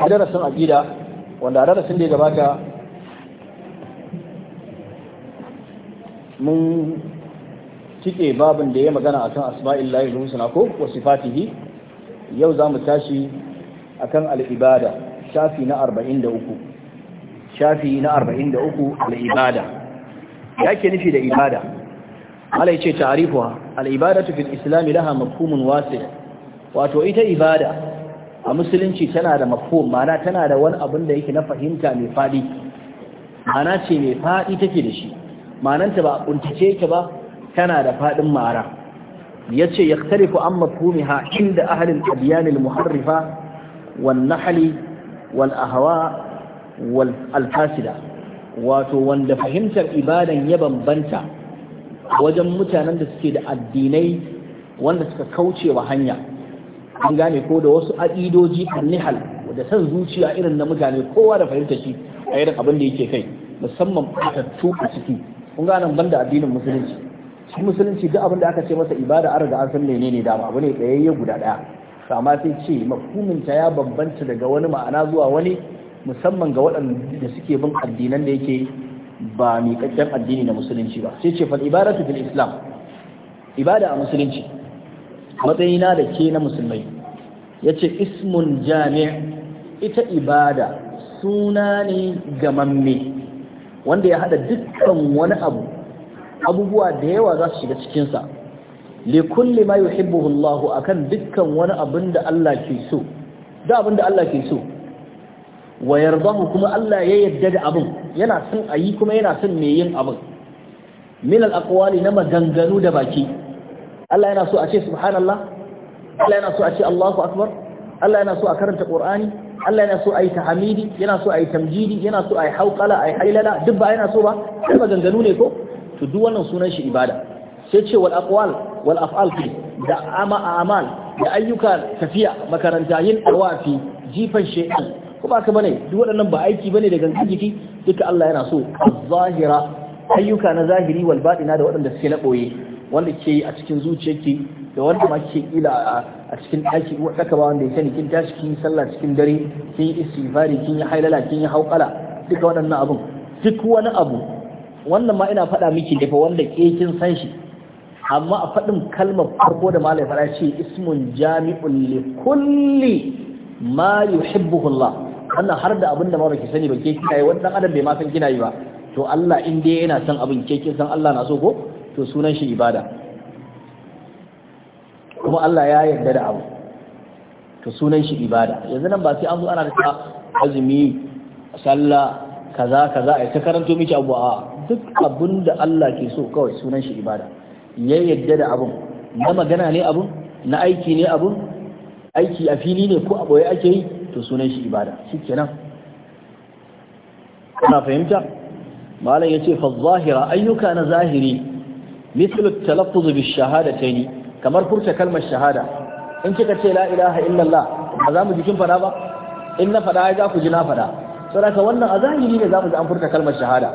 a darasin aƙida wanda a darasin da ya gabata mun cike babin da ya magana akan asma'illahi husna ko wa sifatihi yau za mu tashi akan al'ibada shafi na 43 shafi na 43 al'ibada ya ke nufi da ibada ala ce ta'arifuwa al'ibada fi islami laha mafhumun wasi wato ita ibada a musulunci tana da mafhum mana tana da wani abin da yake na fahimta mai faɗi Mana ce mai faɗi take da shi Mananta ba kuntace yake ba tana da faɗin ma'ara yace ku an mafhumiha inda ahlil adyan muharrifa wan nahli wal ahwa wal fasida wato wanda fahimtar ibadan ya bambanta wajen mutanen da suke da addinai wanda suka kauce wa hanya an gane ko da wasu aƙidoji annihal da san zuciya irin na mutane kowa da fahimta shi a irin abin da yake kai musamman fatattu a ciki kun gane ban da addinin musulunci shi musulunci duk abin da aka ce masa ibada an riga an san menene dama abu ne tsayayye guda daya to amma sai ce ta ya bambanta daga wani ma'ana zuwa wani musamman ga waɗanda suke bin addinan da yake ba miƙaƙƙen addini na musulunci ba sai ce fal ibadatu fil islam ibada a musulunci matsayina da ke na musulmai ya ce ismun jami' ita ibada suna ne ga mamme. wanda ya hada dukkan wani abu abubuwa da yawa za su shiga cikinsa le kulle ma yuhibbuhu a akan dukkan wani abin da Allah ke so da abin da Allah ke so wa mu kuma Allah ya yarda da abin yana son ayi kuma yana son mai yin abin min al na maganganu da baki Allah yana so a ce subhanallah Allah yana so a ce Allahu akbar Allah yana so a karanta Qur'ani Allah yana so a yi tahmidi yana so a yi tamjidi yana so a yi hauqala a yi hailala duk ba yana so ba sai maganganu ne ko to duk wannan sunan shi ibada sai ce wal aqwal wal af'al fi da ama amal da ayyuka tafiya makaranta yin awafi jifan shaytan ko ba ka bane duk waɗannan ba aiki bane da gangan jiki duka Allah yana so zahira ayyuka na zahiri wal batina da waɗanda suke na boye wanda ke yi a cikin zuciyarki da wanda ma ke kila a cikin ɗaki uwar ɗaka ba wanda ya sani kin tashi kin yi sallah cikin dare kin yi istighfari kin yi hailala kin yi hauƙala duka waɗannan abun duk wani abu wannan ma ina faɗa miki ne fa wanda ke kin san shi amma a faɗin kalmar farko da malai faɗa ce ismun jami'un li kulli ma wannan har da abin da ma baki sani ba ke kina yi wannan adam bai ma san kina yi ba to Allah in dai yana son abin ke kin san Allah na so ko to sunan shi ibada kuma Allah ya yarda da abu to sunan shi ibada yanzu nan ba sai an zo ana da azumi sallah kaza kaza ai ta karanto miki abu a duk abin da Allah ke so kawai sunan shi ibada ya yarda da abun na magana ne abun na aiki ne abun aiki a fili ne ko a boye ake yi to sunan shi ibada shikenan kana fahimta malam yace fa zahira ayyuka na zahiri misal talaffuz bi shahadatayn kamar furta kalmar shahada in kika ce la ilaha illallah ba za mu jikin fada ba in na fada ya ku ji na fada saboda wannan a zahiri ne za mu ji an furta kalmar shahada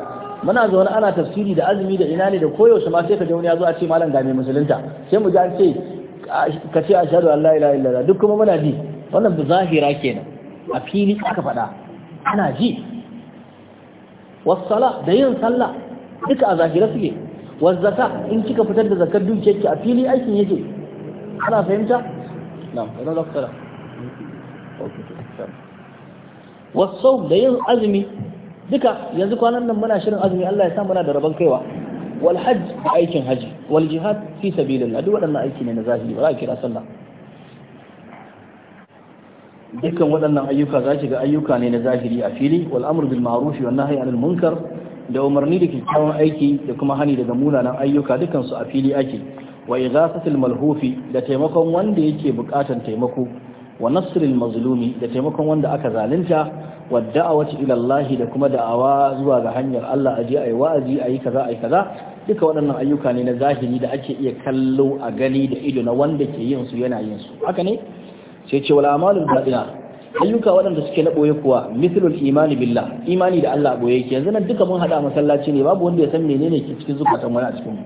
muna zaune ana tafsiri da azumi da ina ne da koyaushe ma sai ka je wani ya zo a ce malam ga mai sai mu ji an ce ka ce ashhadu an la duk kuma muna ji wannan zahira kenan a fili aka fada ana ji wasala da yin sallah duka a zahira suke wasu zaka in kika fitar da zakar dukiyarki a fili aikin yake ana fahimta na'am idan za wasu da yin azumi duka yanzu kwanan nan muna shirin azumi Allah ya sa muna da rabon kaiwa wal hajj aikin haji wal jihad fi sabilillah duk waɗannan aiki ne na zahiri ba za a kira sallah dukkan waɗannan ayyuka za ga ayyuka ne na zahiri a fili wal amr bil ma'ruf wan nahy anil munkar da umarni da kyakkyawan aiki da kuma hani daga munanan ayyuka dukansu a fili ake wa ighasatil malhufi da taimakon wanda yake bukatan taimako wa nasril mazlumi da taimakon wanda aka zalunta wa da'awati ila Allah da kuma da'awa zuwa ga hanyar Allah aje ayi wa'azi ayi kaza ayi kaza duka waɗannan ayyuka ne na zahiri da ake iya kallo a gani da ido na wanda ke yin su yana yin su haka ne sai ce wal amalul ayyuka waɗanda suke na ɓoye kuwa mislul imani billah imani da Allah ɓoye yake yanzu nan duka mun haɗa masallaci ne babu wanda ya san menene ke cikin zukatan wani a cikin mu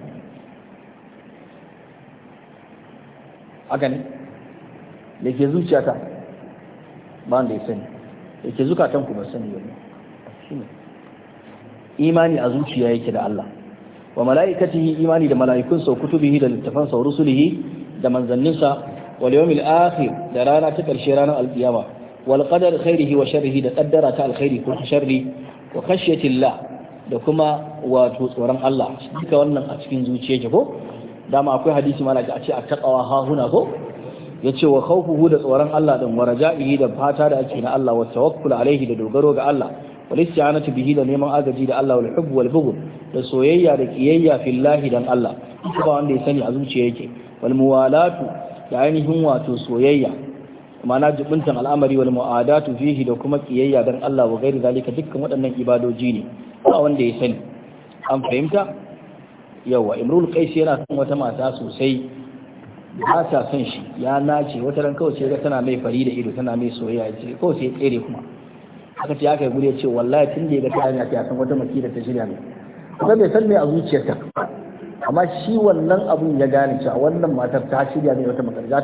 haka ne da ke zuciyata ba wanda ya sani da ke zukatan ku ba sani ba imani a zuciya yake da Allah wa mala'ikatihi imani da mala'ikun sa kutubihi da littafan littafansa rusulihi da manzanninsa wal yawmil akhir da rana ta karshe ranar alkiyama wal qadar khairihi wa sharrihi da qaddara ta alkhairi ko sharri wa khashyatillah da kuma wato tsoron Allah duka wannan a cikin zuciya ko dama akwai hadisi malaka a ce a taqawa ha huna ko yace wa khawfuhu da tsoron Allah din wa raja'ihi da fata da ake na Allah wa tawakkul alaihi da dogaro ga Allah wal isti'anatu bihi da neman agaji da Allah wal hubb wal bughd da soyayya da kiyayya fillahi dan Allah ba wanda ya sani a zuciya yake wal muwalatu da ainihin wato soyayya ma'ana jibintan al'amari wal mu'adatu fihi da kuma kiyayya dan Allah wa gairi zalika dukkan waɗannan ibadoji ne ba wanda ya sani an fahimta yawa imrul qais yana son wata mata sosai ba ta son shi ya nace wata ran kawai sai ga tana mai fari da ido tana mai soyayya ce kawai sai tsere kuma haka ta haka gure ce wallahi tun da ya ga ta hanya ta san wata makira ta shirya ne. kuma bai san me a zuciyarta amma shi wannan abun ya gane cewa wannan matar ta shirya ne wata makar za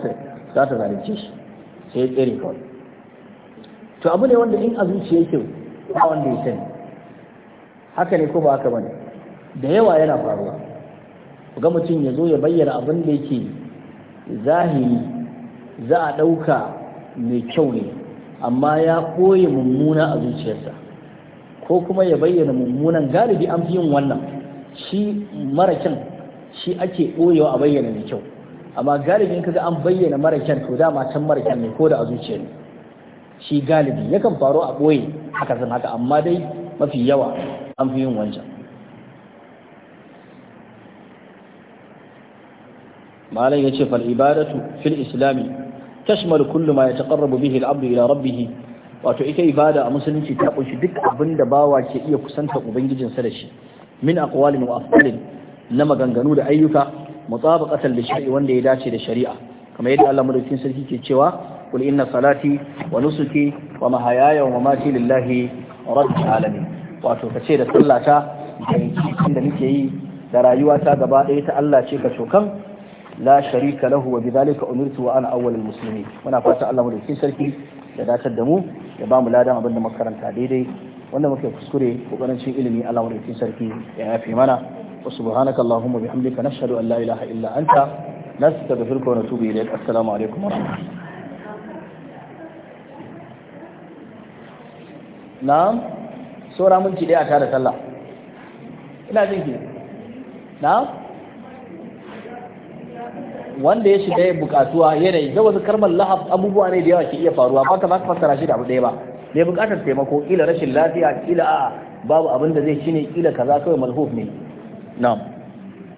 ta zalunce shi sai ya tsere kawai to abu ne wanda in a zuciya yake ba wanda ya sani haka ne ko ba haka bane da yawa yana faruwa ga mutum ya zo ya bayyana abin da yake zahiri za a ɗauka mai kyau ne amma ya koye mummuna a zuciyarsa ko kuma ya bayyana mummunan galibi an fi yin wannan shi mara kyan shi ake ɓoyewa a bayyana mai kyau amma galibin kaga an bayyana mara kyan to da matan mara kyan ne ko da a zuciya ne shi galibi yakan faru a ɓoye haka san haka amma dai mafi yawa an fi yin wancan malam ya ce fal ibadatu fil islami tashmal kullu ma yataqarrabu bihi al-abdu ila rabbih wato ita ibada a musulunci ta kunshi duk abin da bawa ke iya kusanta ubangijinsa da shi min aqwalin wa afalin na maganganu da ayyuka mutabaqatan li shari'i wanda ya dace da shari'a kamar yadda Allah madaukakin sarki ke cewa qul inna salati wa nusuki wa mahayaya wa mamati lillahi rabbil alamin wato kace da sallata da da nake yi da rayuwata gaba ɗaya ta Allah ce ka cokan la sharika lahu wa bidhalika umirtu wa ana awwalul muslimin muna fata Allah madaukakin sarki ya datar da mu ya ba mu ladan abin da makaranta daidai wanda muke kuskure kokarin cin ilimi Allah madaukakin sarki ya yafe mana wa subhanaka allahumma bihamdika nashhadu an la ilaha illa anta nastaghfiruka wa natubu ilayk assalamu alaikum wa rahmatullahi na'am saura minti ɗaya a tara sallah ina jin ki wanda ya shiga bukatuwa yanayi da wasu karmar lahaf abubuwa ne da yawa ke ya faruwa ba ka ba ka abu ɗaya ba mai bukatar taimako kila rashin lafiya kila babu abinda zai zai ne ƙila kaza kawai malhuf No.